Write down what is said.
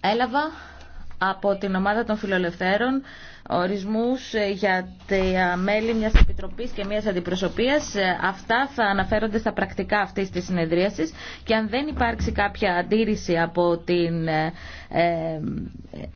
Έλαβα από την ομάδα των φιλολευθέρων ορισμούς ε, για τα μέλη μιας επιτροπής και μιας αντιπροσωπείας. Ε, αυτά θα αναφέρονται στα πρακτικά αυτής της συνεδρίασης και αν δεν υπάρξει κάποια αντίρρηση από την ε,